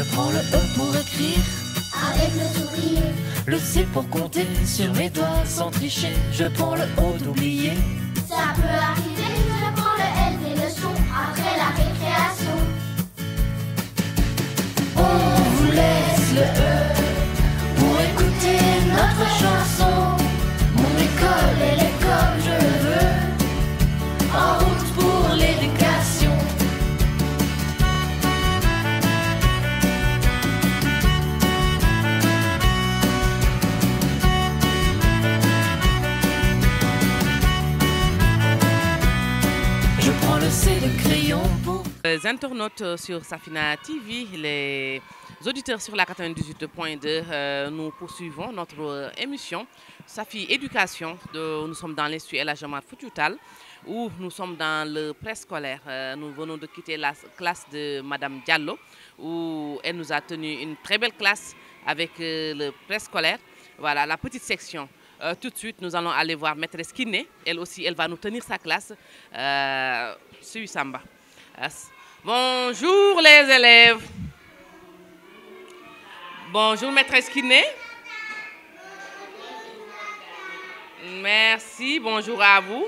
Je prends le E pour écrire avec le sourire. Le C pour compter sur mes doigts sans tricher. Je prends le O d'oublier. Ça peut arriver, je prends le L des leçons après la récréation. On vous laisse le E pour écouter notre chanson. c'est le crayon pour... Les internautes euh, sur Safina TV, les auditeurs sur la 98.2, euh, nous poursuivons notre euh, émission Safi Éducation. nous sommes dans l'Institut El Futututal Fututal où nous sommes dans le préscolaire. nous venons de quitter la classe de Madame Diallo où elle nous a tenu une très belle classe avec le préscolaire. Voilà, la petite section. Euh, tout de suite, nous allons aller voir maîtresse Kiné. Elle aussi, elle va nous tenir sa classe euh, sur Samba. Bonjour les élèves. Bonjour maîtresse Kiné. Merci, bonjour à vous.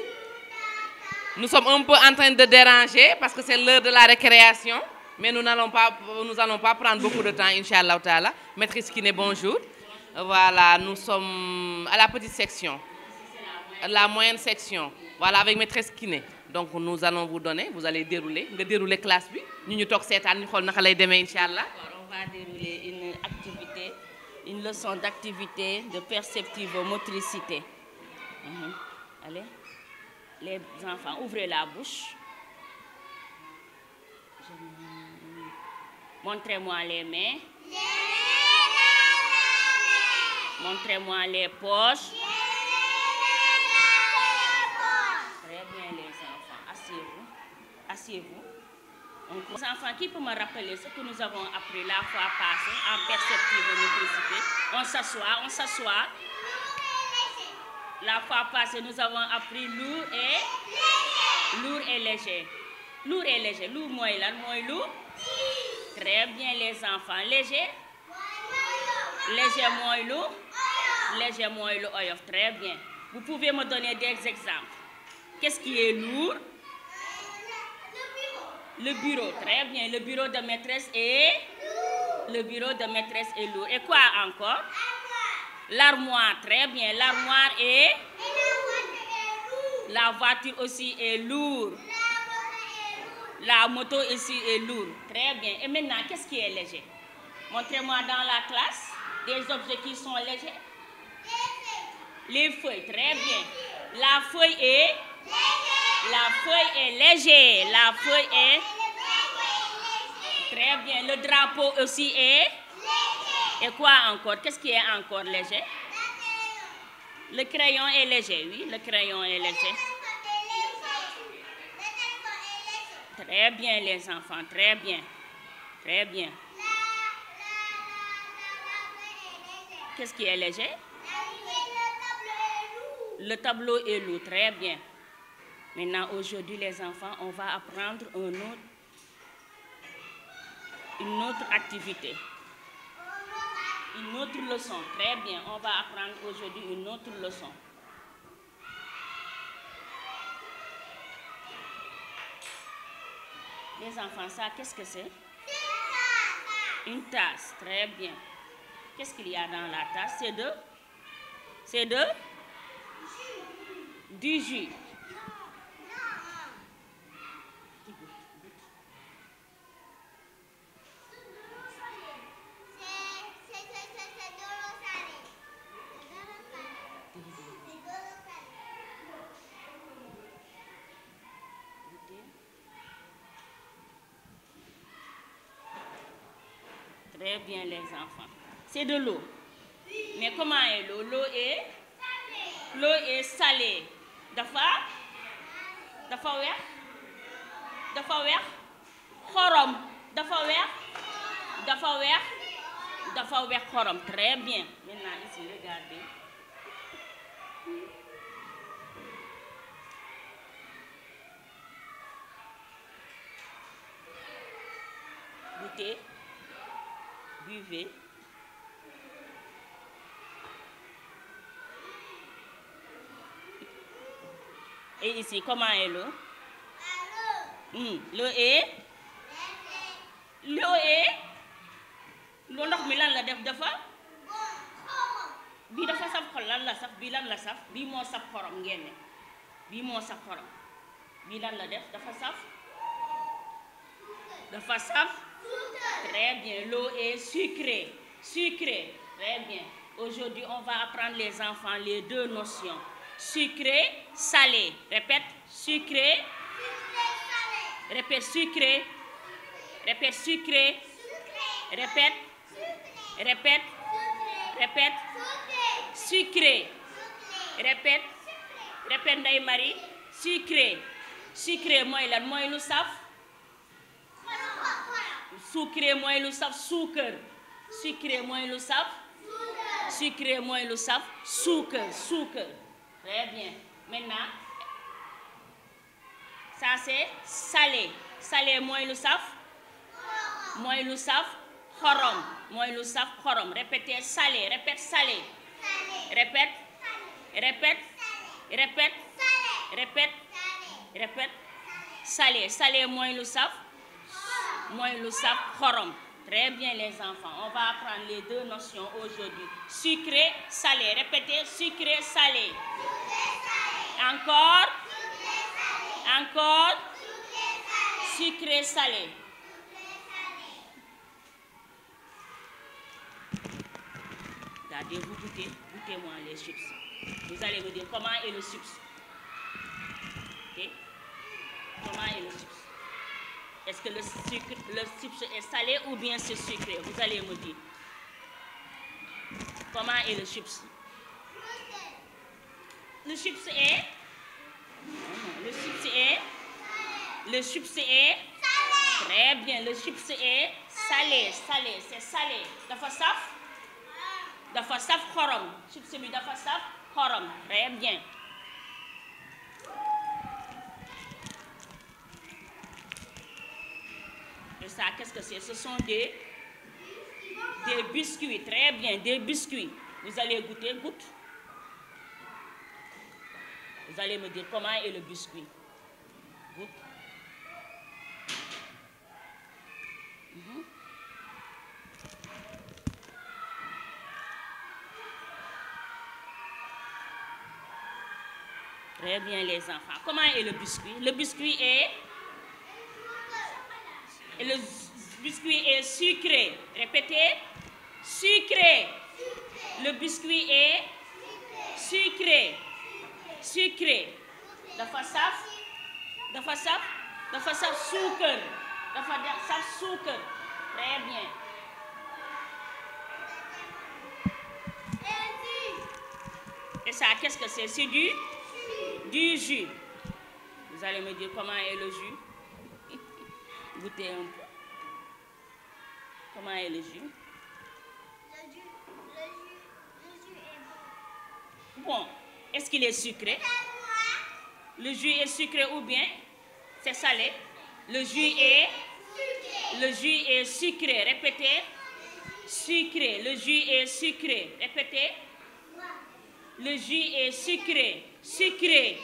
Nous sommes un peu en train de déranger parce que c'est l'heure de la récréation. Mais nous n'allons pas, nous pas prendre beaucoup de temps, Inch'Allah. Maîtresse Kiné, bonjour. Voilà, nous sommes à la petite section, la moyenne section, voilà, avec maîtresse kiné. Donc nous allons vous donner, vous allez dérouler, vous dérouler la classe. Nous nous cette année, On va dérouler une activité, une leçon d'activité de perceptive motricité. Mhm. Allez, les enfants, ouvrez la bouche. Montrez-moi les mains. Montrez-moi les poches. Très bien les enfants. Asseyez-vous. Asseyez-vous. Les enfants, qui peut me rappeler ce que nous avons appris la fois passée en perspective électricité? On s'assoit, on s'assoit. La fois passée, nous avons appris lourd et lourd et léger. Lourd et léger. Lourd, moi, là, moi, lourd. Très bien les enfants. Léger. Léger, moi, lourd légèrement et le Très bien. Vous pouvez me donner des exemples. Qu'est-ce qui est lourd Le bureau. Le bureau, très bien. Le bureau de maîtresse est lourd. Le bureau de maîtresse est lourd. Et quoi encore L'armoire, très bien. L'armoire est... la voiture aussi est lourde. La moto ici est lourde. Très bien. Et maintenant, qu'est-ce qui est léger Montrez-moi dans la classe des objets qui sont légers. Les feuilles, très bien. La feuille est La feuille est légère. La feuille est Très bien. Le drapeau aussi est Et quoi encore Qu'est-ce qui est encore léger Le crayon est léger, oui. Le crayon est léger. Très bien, les enfants. Très bien. Très bien. Qu'est-ce qui est léger le tableau est lourd, très bien. Maintenant, aujourd'hui, les enfants, on va apprendre une autre activité. Une autre leçon, très bien. On va apprendre aujourd'hui une autre leçon. Les enfants, ça, qu'est-ce que c'est Une tasse, très bien. Qu'est-ce qu'il y a dans la tasse C'est deux, C'est deux du Très bien les enfants. C'est de l'eau. Mais comment est l'eau L'eau est l'eau est salée dafa dafa D'accord? dafa D'accord? xorom dafa D'accord? très bien maintenant ici regardez goûtez buvez ici, comment est l'eau mmh. L'eau est L'eau e? est L'eau ndox mi lan la def dafa bii dafa saf xol lan la saf bii lan la saf bii moo saf xorom ngeen ne bii moo saf xorom bii lan la def dafa saf dafa saf très bien l'eau est sucrée sucrée très bien aujourd'hui on va apprendre les enfants les deux notions sucré, salé. Répète, sucré. Sucré, salé. Répète, sucré. Répète, sucré. Sucré. Répète. Sucré. Répète. Répète. Sucré. Répète. Répète, Ndeye Marie. Sucré. Sucré mooy moi, mooy lu savent. sucré ils le savent. Sucre. sucré moi, ils le Sucre. sucré moi, ils le savent. Sucre, sucre. Très bien. Maintenant, ça c'est salé. Salé savent. Moi, saf. le savent. saf Moi, il le saf xorom. Répétez salé. Répète salé. Répète. Répète. Répète. Répète. Répète. Salé. Salé le savent. Moi, Moi le saf xorom. Très bien les enfants, on va apprendre les deux notions aujourd'hui. Sucré, salé. Répétez, sucré, salé. Sucré, salé. Encore. Sucré, salé. Encore. Sucré, salé. Regardez, vous goûtez, goûtez-moi les chips. Vous allez vous dire comment est le chips. Ok? Comment est le chips. Est-ce que le sucre, est salé ou bien c'est sucré Vous allez me dire. Comment est le chips Le chips est Le chips est Le chips est salé. Très bien, le chips est salé, salé, c'est salé. La saf La saf Chips bi Très bien. qu'est-ce que c'est Ce sont des, des biscuits, très bien, des biscuits. Vous allez goûter, goûte. Vous allez me dire comment est le biscuit. Goûte. Mhm. Très bien les enfants. Comment est le biscuit Le biscuit est et le biscuit est sucré. Répétez. Sucré. Le biscuit est sucré. Sucré. La façade' La saf. La saf Sucre. La Très bien. Et ça, qu'est-ce que c'est C'est du Du jus. Vous allez me dire comment est le jus Goûtez un peu le jus Le jus, est bon. Bon, est-ce qu'il est sucré Le jus est sucré ou bien c'est salé Le jus est sucré. Le jus est sucré. Répétez. Sucré. Le jus est sucré. Répétez. Le jus est sucré. Sucré.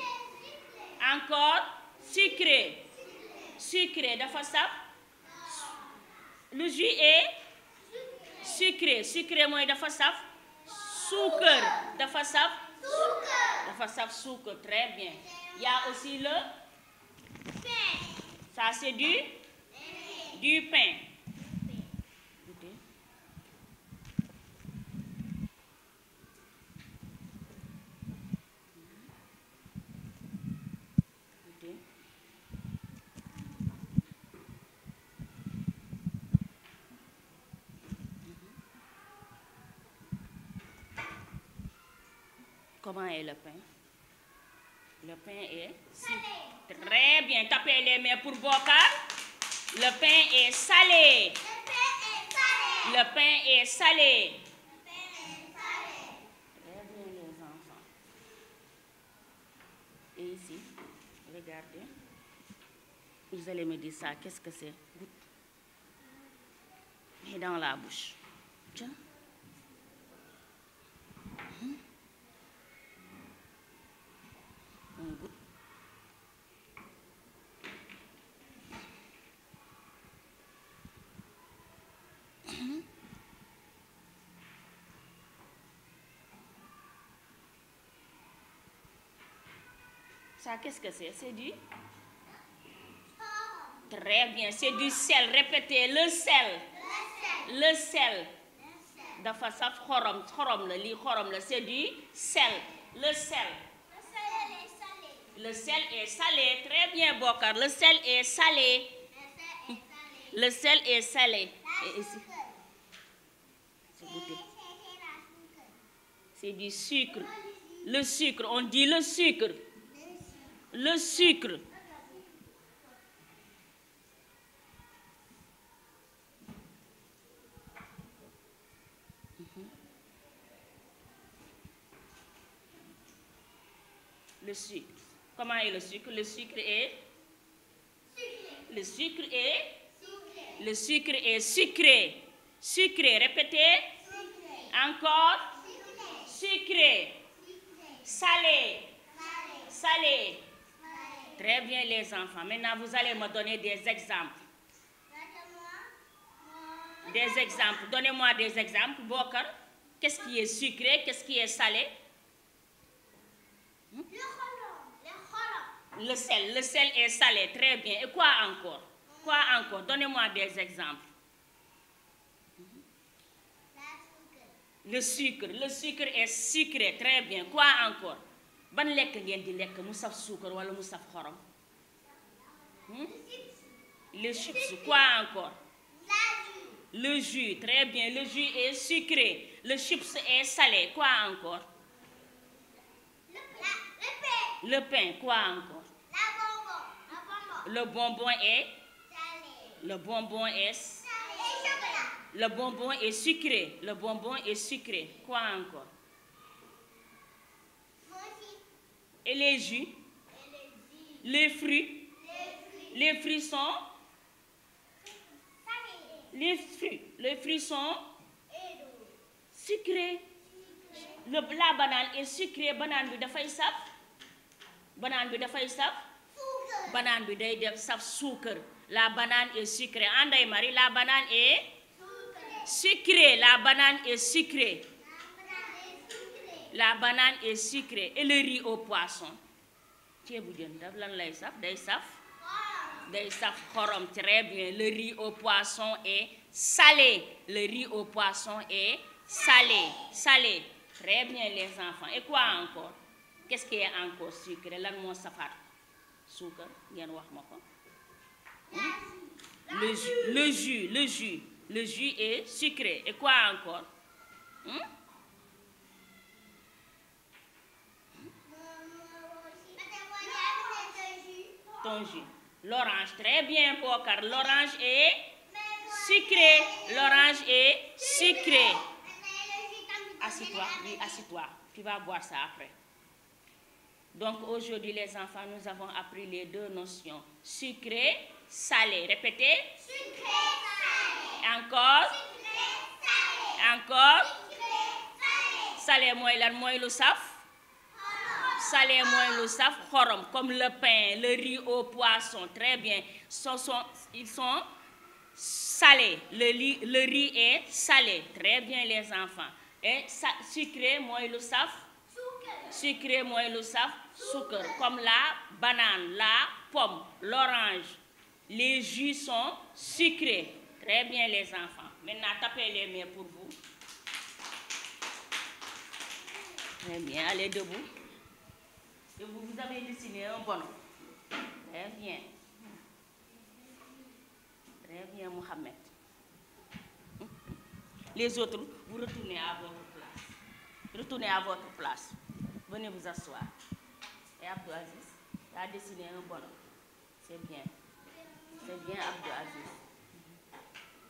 Encore. Sucré. Sucré. D'accord, ça? Le jus est sucré sucré moi, dafa saf la dafa saf dafa saf sucre. très bien il y a aussi le pain ça c'est du du pain pain est le pain Le pain est salé. Très bien. Tapez les mains pour cartes Le pain est salé. Le pain est salé. Le pain est Très bien, les enfants. Et ici, regardez. Vous allez me dire ça. Qu'est-ce que c'est Et dans la bouche. Tiens. Ça, qu'est-ce que c'est C'est du Très bien, c'est du sel. Répétez, le sel. Le sel. Le sel. c'est du sel. Le sel. Le sel est salé. Très bien, Bokar. Le sel est salé. Le sel est salé. C'est du sucre. Le sucre, on dit le sucre le sucre. Le sucre. Comment est le sucre Le sucre est Le sucre est Le sucre est sucré. Sucré, répétez. Encore. Sucré. Sucré. Salé. Salé. Salé. Très bien les enfants. Maintenant, vous allez me donner des exemples. Des exemples. Donnez-moi des exemples. qu'est-ce qui est sucré, qu'est-ce qui est salé hmm? Le sel, le sel est salé, très bien. Et quoi encore Quoi encore Donnez-moi des exemples. Le sucre, le sucre est sucré, très bien. Quoi encore ban lekk ngeen di lekk mu saf suukar wala mu saf xorom hmm? le chips quoi encore le jus très bien le jus est sucré le chips est salé quoi encore le pain quoi encore le bonbon Le bonbon est Salé. le bonbon est salé le bonbon est sucré le bonbon est sucré quoi encore et les jus, les fruits, les fruits. les fruits, les frissons sucrés. Le, la banane est sucrée banane bi fay saf banane bi fay saf. banane bi day def saf la banane est sucrée Andai Marie la banane est. sucrée la banane est sucrée la banane est sucrée et le riz au poisson saf très bien le riz au poisson est salé le riz au poisson est salé salé très bien les enfants et quoi encore qu'est-ce qui est encore sucré Là, nous avons le jus le jus le jus est sucré et quoi encore hmm? L'orange, très bien, car L'orange est sucré. L'orange est sucré. Assis-toi, oui, assis-toi. Tu vas boire ça après. Donc aujourd'hui, les enfants, nous avons appris les deux notions sucré, salé. Répétez. Sucré, salé. Encore. Sucré, salé. Encore. Sucré, salé. Salé, moi, il moi, le saf salé moins le saf, comme le pain, le riz au poisson, très bien. ils sont salés, le, riz, est salé, très bien les enfants. Et sucré, sucré moins le saf, sucré moins le saf, sucre, comme la banane, la pomme, l'orange. Les jus sont sucrés. Très bien les enfants. Maintenant, tapez les mains pour vous. Très bien, allez debout vous avez dessiné un bonhomme. Très bien. Très bien, Mohamed. Les autres, vous retournez à votre place. Retournez à votre place. Venez vous asseoir. Et Abdou Aziz a dessiné un bonhomme. C'est bien. C'est bien, Abdou Aziz.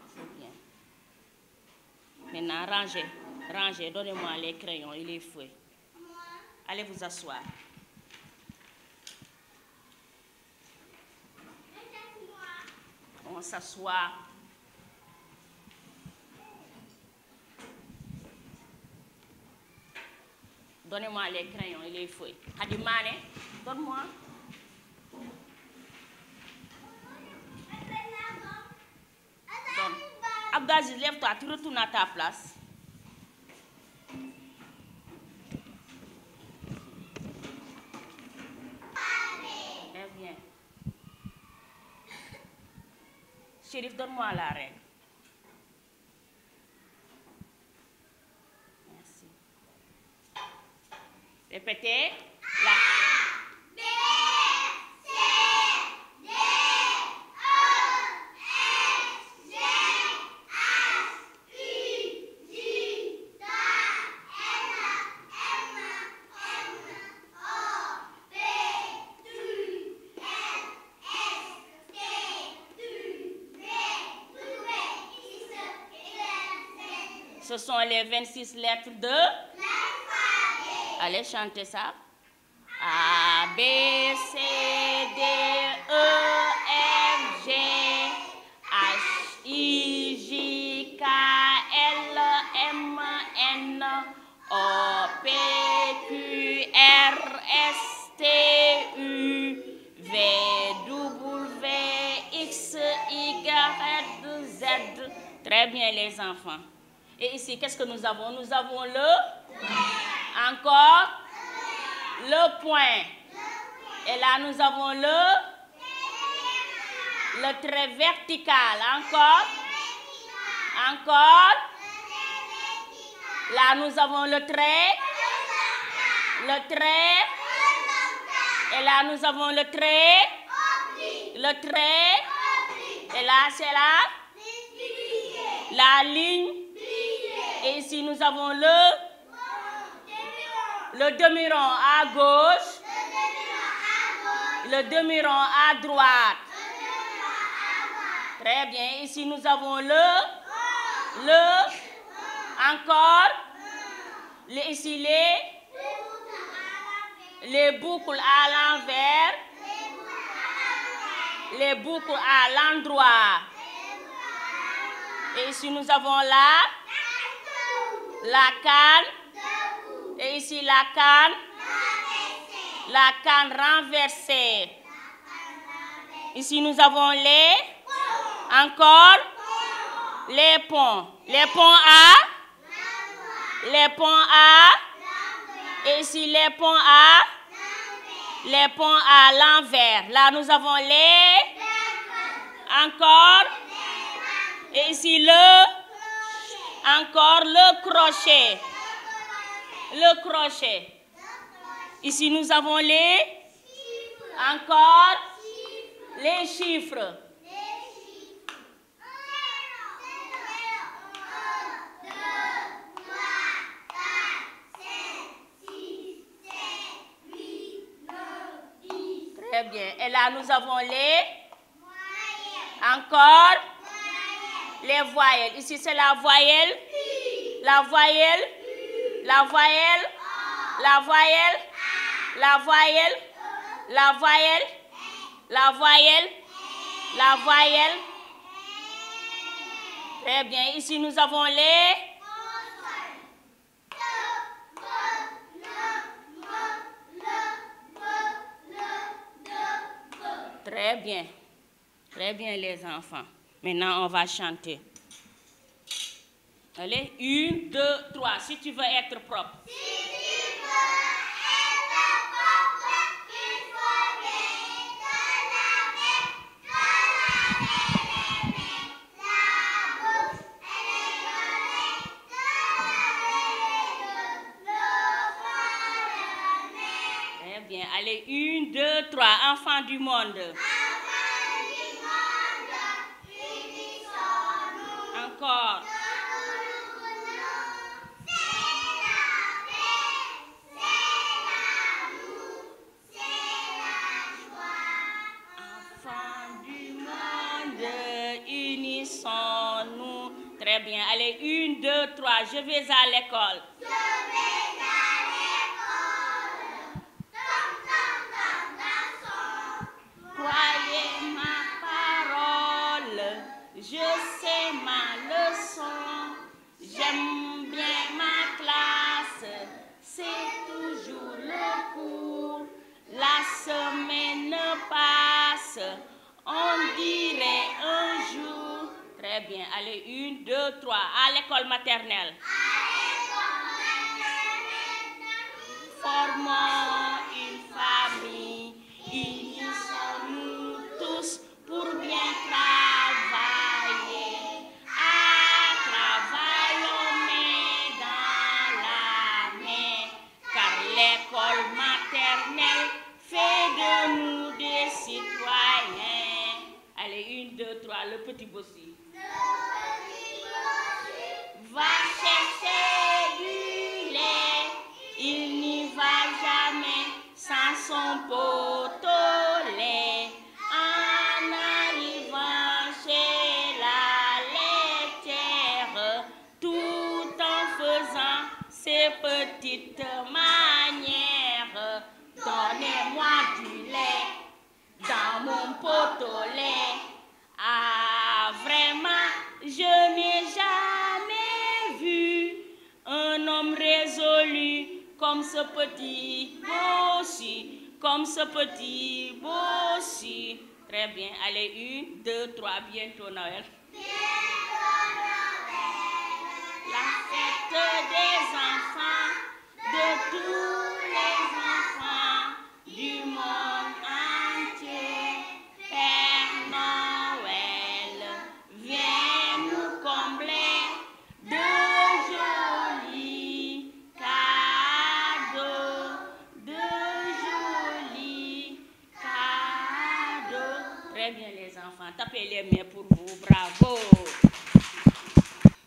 C'est bien. Maintenant, rangez. Rangez. Donnez-moi les crayons et les fouets. Allez vous asseoir. on s'assoit. Donnez-moi les crayons et les feuilles. Hadimane, donne-moi. Donne. lève-toi, tu retournes à ta place. Philippe, donne-moi la règle. Merci. Répétez. Ce sont les 26 lettres de Allez chanter ça. A, B, C, D, E, F, G, H, I, J, K, L, M, N, O, P, Q, R, S, T, U, V, W, X, Y, Z. Très bien les enfants. Et ici, qu'est-ce que nous avons Nous avons le... Encore Le, point. Et là, nous avons le... Le trait vertical. Encore Encore Là, nous avons le trait. Le trait. Et là, nous avons le trait. Le trait. Et là, c'est la... La ligne et ici nous avons le le demi-rond à gauche, le demi-rond à, droite. Très bien. Ici, nous avons le, le, encore, Les, ici les, les boucles à l'envers, les boucles à l'endroit. Et ici, nous avons là la canne. Et ici la canne. La canne renversée. Ici nous avons les. Encore. Les ponts. Les ponts à. Les ponts à. Et ici les ponts à. Les ponts à l'envers. Là nous avons les. Encore. Et ici le. Encore le crochet. Le crochet. Ici, nous avons les... Encore les chiffres. Très bien. Et là, nous avons les... Encore les voyelles. Ici, c'est la voyelle. La voyelle. La voyelle. La voyelle. La voyelle. La voyelle. La voyelle. La voyelle. Très bien. Ici, nous avons les... Très bien. Très bien, les enfants. Maintenant, on va chanter. Allez, une, deux, trois, si tu veux être propre. Si tu veux être propre, il faut bien te laver, te laver les mains, la bouche et les oreilles, te laver les front, le nez. Très bien, allez, une, deux, trois, enfants du monde. bien. Allez, une, deux, trois. Je vais à l'école. Je vais à l'école. Croyez ma parole. Je sais ma leçon. J'aime bien ma classe. C'est toujours le cours. La semaine passe. On dit bien. Allez, une, deux, trois. À l'école maternelle. À l'école maternelle. Formons. je n'ai jamais vu un homme résolu comme ce petit bossu, comme ce petit bossu. Très bien, allez, une, deux, trois, bientôt Noël. Noël, la fête des enfants de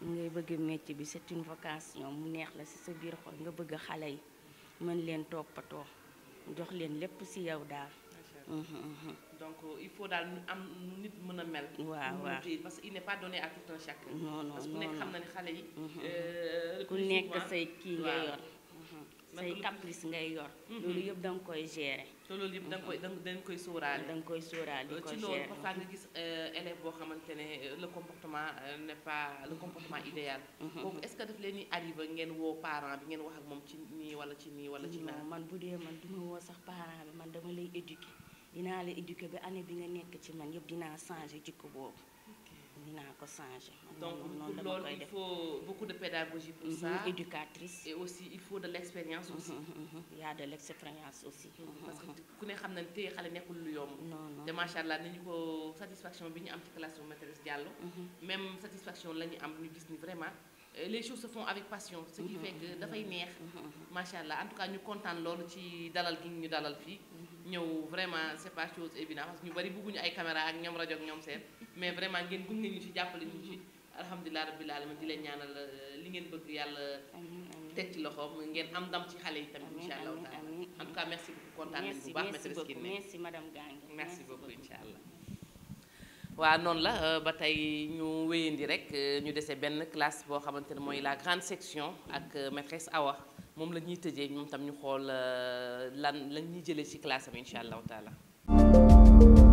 ngay bëgg métier bi c'est une vocation mu neex la ci sa biir xol nga bëgg xale yi mën leen toppatoo jox leen lépp ci yow daal. Mhm, mhm. donc euh, il faut daal am nit mën a mel. waaw waaw parce que il n'est pas donné à tout un chacun. non non non parce que ku nekk xam na ne xale yi. Mhm, euh, ku nekk say kii nga yor. say caprice ngay yor. Mm-hmm. loolu yëpp da nga koy gérer. te loolu yëpp da nga koy mm-hmm. da nga koy sóoraale. da nga koy sóoraale di euh, ko gérer ci loolu parfois nga gis euh, élève boo xamante ne euh, le comportement n' est pas le comportement idéal. Mm-hmm. kooku est ce que daf leen di arrivé ngeen woo parent bi ngeen wax ak moom ci nii wala ci nii wala ci naa. man bu dee man du ma woo sax parent bi man dama lay éduquer dinaa la éduquer bi année bi nga nekk ci man yëpp dinaa changer jikko boobu. donc il faut beaucoup de pédagogie pour mhm, ça. éducatrice. et aussi il faut de l'expérience mhm, aussi. Mhm, il y a de l'expérience aussi. parce que ku ne que les enfants ne sont lu yomb. non non te ko satisfaction bi ñu am ci classe bu maîtresse Diallo. même satisfaction la ñu am ñu vraiment. Euh, les choses se font avec passion ce qui fait que dafay neex. macha en tout cas ñu kontaan loolu ci dalal gi ñu dalal fii ñëw vraiment c'est pas chose évident parce que ñu bari bëgguñu ay caméra ak ñoom rajo ak ñoom seen mais vraiment ngeen gunge ñu ci jàppale ñu ci alhamdulilah rabbil alamin di leen ñaanal euh, li ngeen bëgg yàlla teg ci loxo ngeen am ndam ci xale yi tamit incha allahu taala en tout cas merci beaucoup kontaan nañu bu baax maîtresse Kiné merci madame Gangue merci beaucoup incha allah waaw noonu la euh, ba tey ñu wéyandi rek euh, ñu dese benn classe boo xamante ne mooy la grande section ak maîtresse Awa moom la ñuy tëjee ñoom tam ñu xool euh, lan lan ñuy jëlee ci classe am incha allahu taala.